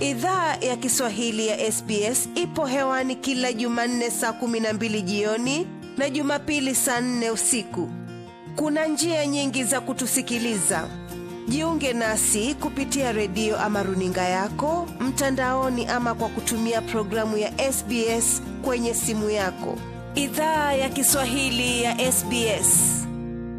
Idhaa ya Kiswahili ya SBS ipo hewani kila Jumanne saa kumi na mbili jioni na Jumapili saa nne usiku. Kuna njia nyingi za kutusikiliza. Jiunge nasi kupitia redio ama runinga yako mtandaoni, ama kwa kutumia programu ya SBS kwenye simu yako. Idhaa ya Kiswahili ya SBS.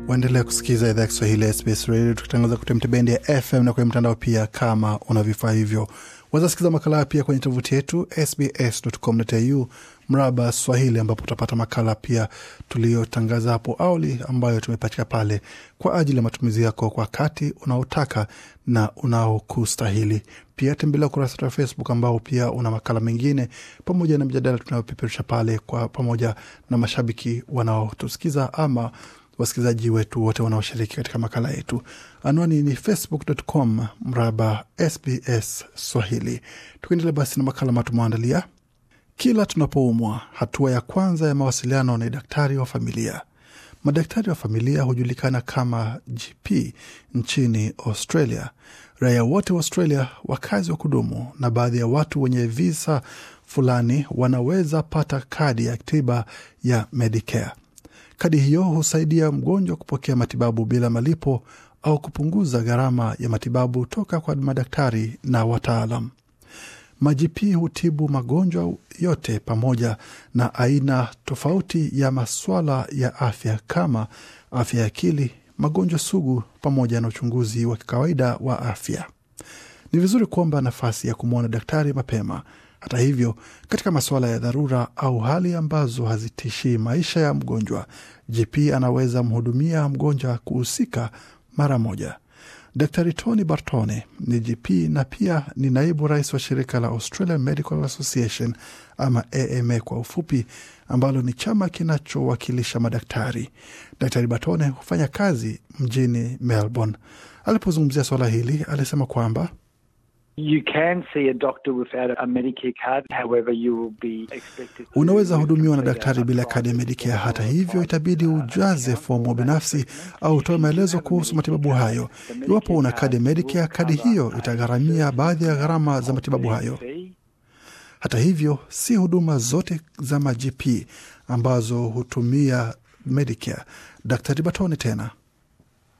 Waendelea kusikiliza idhaa ya Kiswahili ya SBS Radio, tukitangaza kupitia bendi ya FM na kwenye mtandao pia, kama una vifaa hivyo. Wazasikiza makala haya pia kwenye tovuti yetu sbs.com.au mraba Swahili, ambapo utapata makala pia tuliyotangaza hapo awali ambayo tumepatika pale kwa ajili ya matumizi yako kwa wakati unaotaka na unaokustahili. Pia tembelea ukurasa wetu wa Facebook ambao pia una makala mengine pamoja na mjadala tunayopeperusha pale kwa pamoja na mashabiki wanaotusikiza ama wasikilizaji wetu wote wanaoshiriki katika makala yetu. Anwani ni facebook.com mraba SBS Swahili. Tukiendelea basi na makala ambayo tumeandalia Kila tunapoumwa, hatua ya kwanza ya mawasiliano ni daktari wa familia. Madaktari wa familia hujulikana kama GP nchini Australia. Raia wote wa Australia, wakazi wa kudumu na baadhi ya watu wenye visa fulani wanaweza pata kadi ya tiba ya Medicare. Kadi hiyo husaidia mgonjwa kupokea matibabu bila malipo au kupunguza gharama ya matibabu toka kwa madaktari na wataalam. Majipi hutibu magonjwa yote pamoja na aina tofauti ya maswala ya afya kama afya ya akili, magonjwa sugu, pamoja na uchunguzi wa kawaida wa afya. Ni vizuri kuomba nafasi ya kumwona daktari mapema hata hivyo, katika masuala ya dharura au hali ambazo hazitishii maisha ya mgonjwa, GP anaweza mhudumia mgonjwa kuhusika mara moja. Daktari Tony Bartone ni GP na pia ni naibu rais wa shirika la Australian Medical Association ama AMA kwa ufupi, ambalo ni chama kinachowakilisha madaktari. Daktari Bartone hufanya kazi mjini Melbourne. Alipozungumzia swala hili, alisema kwamba Unaweza hudumiwa na daktari bila kadi ya Medicare. Hata hivyo, itabidi ujaze fomu binafsi au utoe maelezo kuhusu matibabu hayo. Iwapo una kadi ya Medicare, kadi hiyo itagharamia baadhi ya gharama za matibabu hayo. Hata hivyo, si huduma zote za ma-GP ambazo hutumia Medicare. Daktari Batoni tena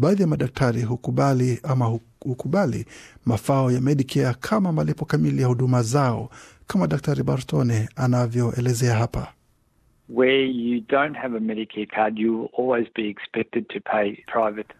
Baadhi ya madaktari hukubali ama hukubali mafao ya Medicare kama malipo kamili ya huduma zao, kama Daktari Bartone anavyoelezea hapa. Where you don't have a Medicare card, you will always be expected to pay private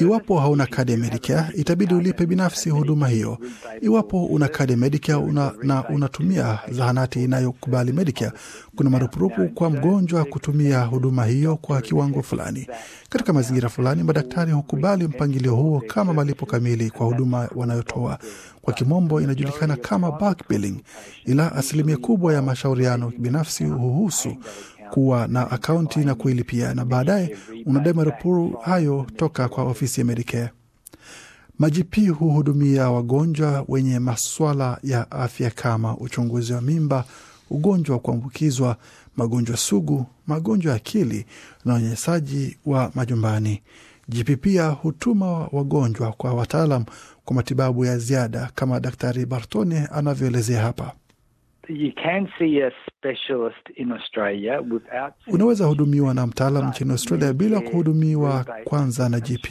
Iwapo hauna kadi ya Medicare, itabidi ulipe binafsi huduma hiyo. Iwapo una kadi ya Medicare una, na unatumia zahanati inayokubali Medicare, kuna marupurupu kwa mgonjwa kutumia huduma hiyo kwa kiwango fulani. Katika mazingira fulani, madaktari hukubali mpangilio huo kama malipo kamili kwa huduma wanayotoa. Kwa kimombo inajulikana kama billing, ila asilimia kubwa ya mashauriano binafsi huhusu kuwa na akaunti na kuilipia, na baadaye unadai marupurupu hayo toka kwa ofisi ya Medicare. Majipi huhudumia wagonjwa wenye maswala ya afya kama uchunguzi wa mimba, ugonjwa wa kuambukizwa, magonjwa sugu, magonjwa ya akili na unyanyasaji wa majumbani. GP pia hutuma wagonjwa kwa wataalam kwa matibabu ya ziada kama Daktari Bartone anavyoelezea hapa. Unaweza hudumiwa na mtaalam nchini Australia bila kuhudumiwa kwanza na GP,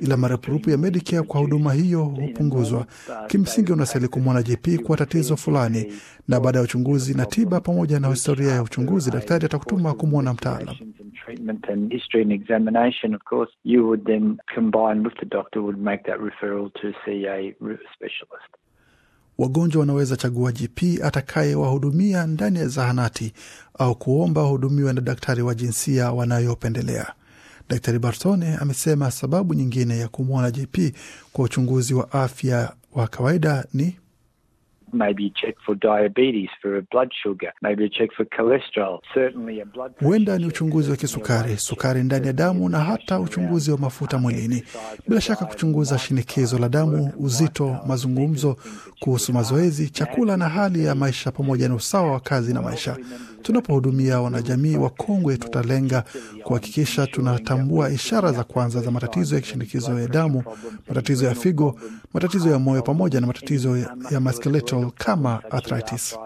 ila marupurupu ya Medicare kwa huduma hiyo hupunguzwa. Kimsingi, unastahili kumwona GP kwa tatizo fulani, na baada ya uchunguzi na tiba pamoja na historia ya uchunguzi, daktari atakutuma kumwona mtaalam wagonjwa wanaweza chagua GP atakayewahudumia ndani ya zahanati au kuomba wahudumiwe na daktari wa jinsia wanayopendelea. Daktari Bartone amesema sababu nyingine ya kumwona GP kwa uchunguzi wa afya wa kawaida ni huenda ni uchunguzi wa kisukari, sukari ndani ya damu na hata uchunguzi wa mafuta mwilini. Bila shaka kuchunguza shinikizo la damu, uzito, mazungumzo kuhusu mazoezi, chakula na hali ya maisha, pamoja na usawa wa kazi na maisha tunapohudumia wanajamii wakongwe, tutalenga kuhakikisha tunatambua ishara za kwanza za matatizo ya kishinikizo ya damu, matatizo ya figo, matatizo ya moyo, pamoja na matatizo ya musculoskeletal kama arthritis.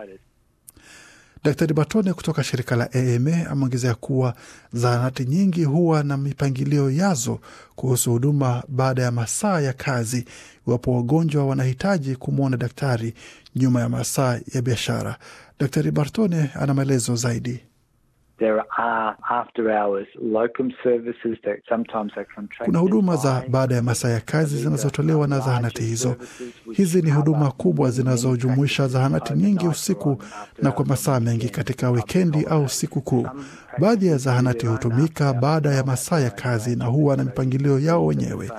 Daktari Batone kutoka shirika la AMA ameongezea kuwa zahanati nyingi huwa na mipangilio yazo kuhusu huduma baada ya masaa ya kazi, iwapo wagonjwa wanahitaji kumwona daktari nyuma ya masaa ya biashara dr Bartone ana maelezo zaidi. Kuna huduma za baada ya masaa ya kazi zinazotolewa na zahanati hizo. Hizi ni huduma kubwa zinazojumuisha zahanati nyingi usiku na kwa masaa mengi katika wikendi au siku kuu. Baadhi ya zahanati hutumika baada ya masaa ya kazi na huwa na mipangilio yao wenyewe.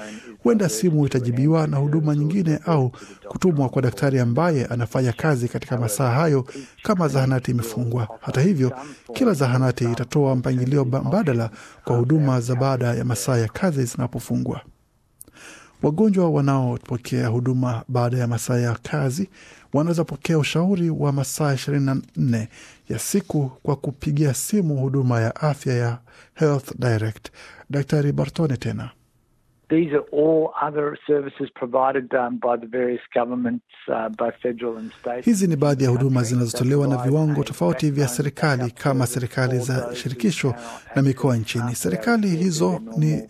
Huenda simu itajibiwa na huduma nyingine au kutumwa kwa daktari ambaye anafanya kazi katika masaa hayo kama zahanati imefungwa. Hata hivyo, kila zahanati itatoa mpangilio mbadala kwa huduma za baada ya masaa ya kazi zinapofungwa. Wagonjwa wanaopokea huduma baada ya masaa ya kazi wanaweza pokea ushauri wa masaa 24 ya siku kwa kupigia simu huduma ya afya ya Health Direct. Daktari Bartone tena These are all other services provided um, by the various governments, uh, both federal and state. Hizi ni baadhi ya huduma zinazotolewa na viwango tofauti vya serikali kama serikali za shirikisho na mikoa nchini. Serikali hizo ni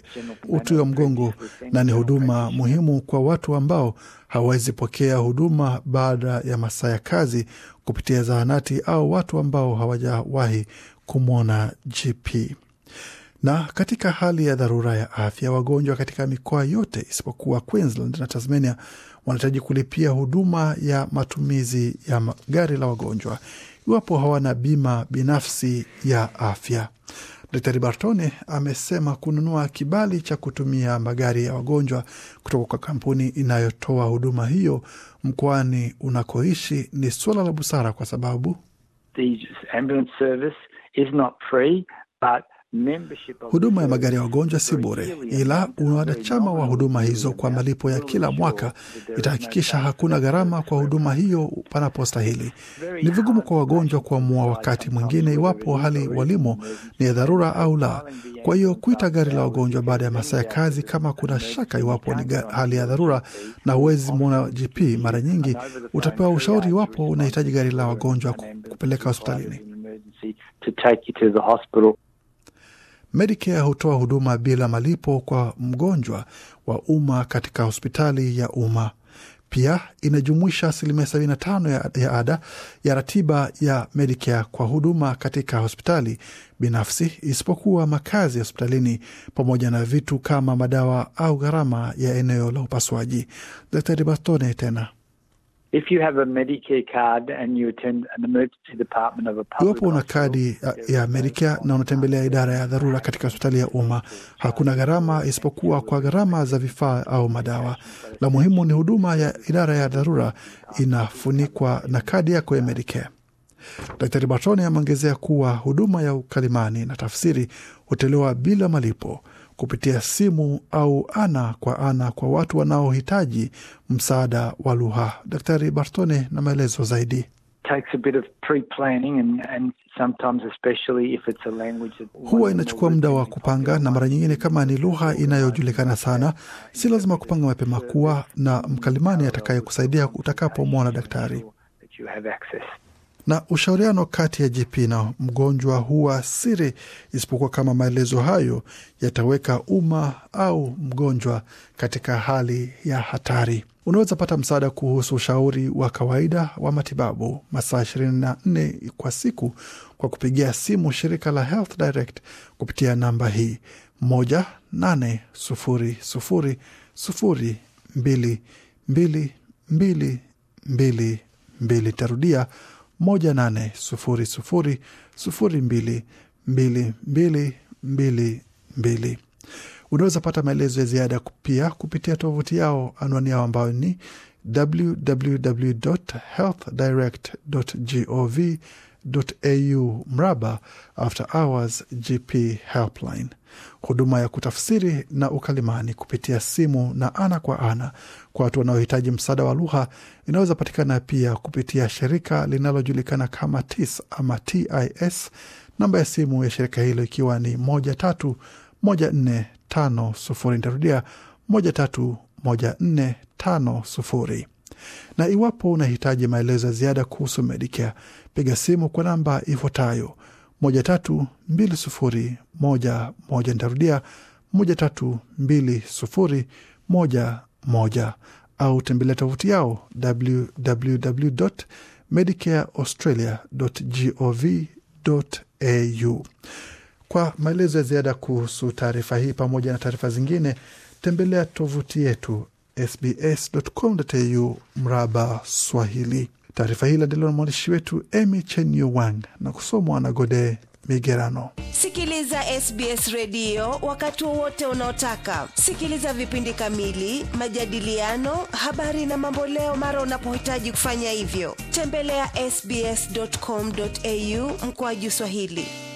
uti wa mgongo na ni huduma muhimu kwa watu ambao hawawezi pokea huduma baada ya masaa ya kazi kupitia zahanati au watu ambao hawajawahi kumwona GP. Na katika hali ya dharura ya afya, wagonjwa katika mikoa yote isipokuwa Queensland na Tasmania wanahitaji kulipia huduma ya matumizi ya gari la wagonjwa iwapo hawana bima binafsi ya afya. Daktari Bartone amesema kununua kibali cha kutumia magari ya wagonjwa kutoka kwa kampuni inayotoa huduma hiyo mkoani unakoishi ni suala la busara kwa sababu The ambulance service is not free, but Huduma ya magari ya wagonjwa si bure, ila wanachama wa huduma hizo kwa malipo ya kila mwaka itahakikisha hakuna gharama kwa huduma hiyo panapostahili. Ni vigumu kwa wagonjwa kuamua wakati mwingine iwapo hali walimo ni ya dharura au la. Kwa hiyo kuita gari la wagonjwa baada ya masaa ya kazi kama kuna shaka iwapo ni hali ya dharura na huwezi mwona GP, mara nyingi utapewa ushauri iwapo unahitaji gari la wagonjwa kupeleka hospitalini. Medicare hutoa huduma bila malipo kwa mgonjwa wa umma katika hospitali ya umma. Pia inajumuisha asilimia 75 ya, ya ada ya ratiba ya Medicare kwa huduma katika hospitali binafsi isipokuwa makazi ya hospitalini pamoja na vitu kama madawa au gharama ya eneo la upasuaji. Daktari Bastone tena Iwapo una kadi uh, ya Medicare na unatembelea idara ya dharura katika hospitali ya umma, hakuna gharama isipokuwa kwa gharama za vifaa au madawa. La muhimu ni huduma ya idara ya dharura inafunikwa na kadi yako ya Medicare. Daktari Bartone ameongezea kuwa huduma ya ukalimani na tafsiri hutolewa bila malipo kupitia simu au ana kwa ana kwa watu wanaohitaji msaada wa lugha. Daktari Bartone na maelezo zaidi. Huwa inachukua muda wa kupanga, na mara nyingine, kama ni lugha inayojulikana sana, si lazima kupanga mapema kuwa na mkalimani atakayekusaidia utakapomwona daktari na ushauriano kati ya GP na mgonjwa huwa siri, isipokuwa kama maelezo hayo yataweka umma au mgonjwa katika hali ya hatari. Unaweza pata msaada kuhusu ushauri wa kawaida wa matibabu masaa 24 kwa siku kwa kupigia simu shirika la Health Direct kupitia namba hii mbili. Tarudia 1800222222. Unaweza pata maelezo ya ziada pia kupitia tovuti yao, anwani yao ambayo ni www.healthdirect.gov au mraba after hours GP helpline. Huduma ya kutafsiri na ukalimani kupitia simu na ana kwa ana kwa watu wanaohitaji msaada wa lugha inaweza patikana pia kupitia shirika linalojulikana kama TIS ama TIS, namba ya simu ya shirika hilo ikiwa ni moja tatu moja nne tano sufuri. Nitarudia moja tatu moja nne tano sufuri. Na iwapo unahitaji maelezo ya ziada kuhusu Medicare, piga simu kwa namba ifuatayo moja tatu mbili sufuri moja moja. Nitarudia moja tatu mbili sufuri moja moja, au tembelea tovuti yao www medicare australia gov au. Kwa maelezo ya ziada kuhusu taarifa hii pamoja na taarifa zingine, tembelea tovuti yetu sbs.com.au mraba Swahili. Taarifa hii iliandaliwa na mwandishi wetu Emy Chenyu Wang na kusomwa na Gode Migerano. Sikiliza SBS redio wakati wowote unaotaka. Sikiliza vipindi kamili, majadiliano, habari na mamboleo mara unapohitaji kufanya hivyo. Tembelea ya sbs.com.au mkoaji Swahili.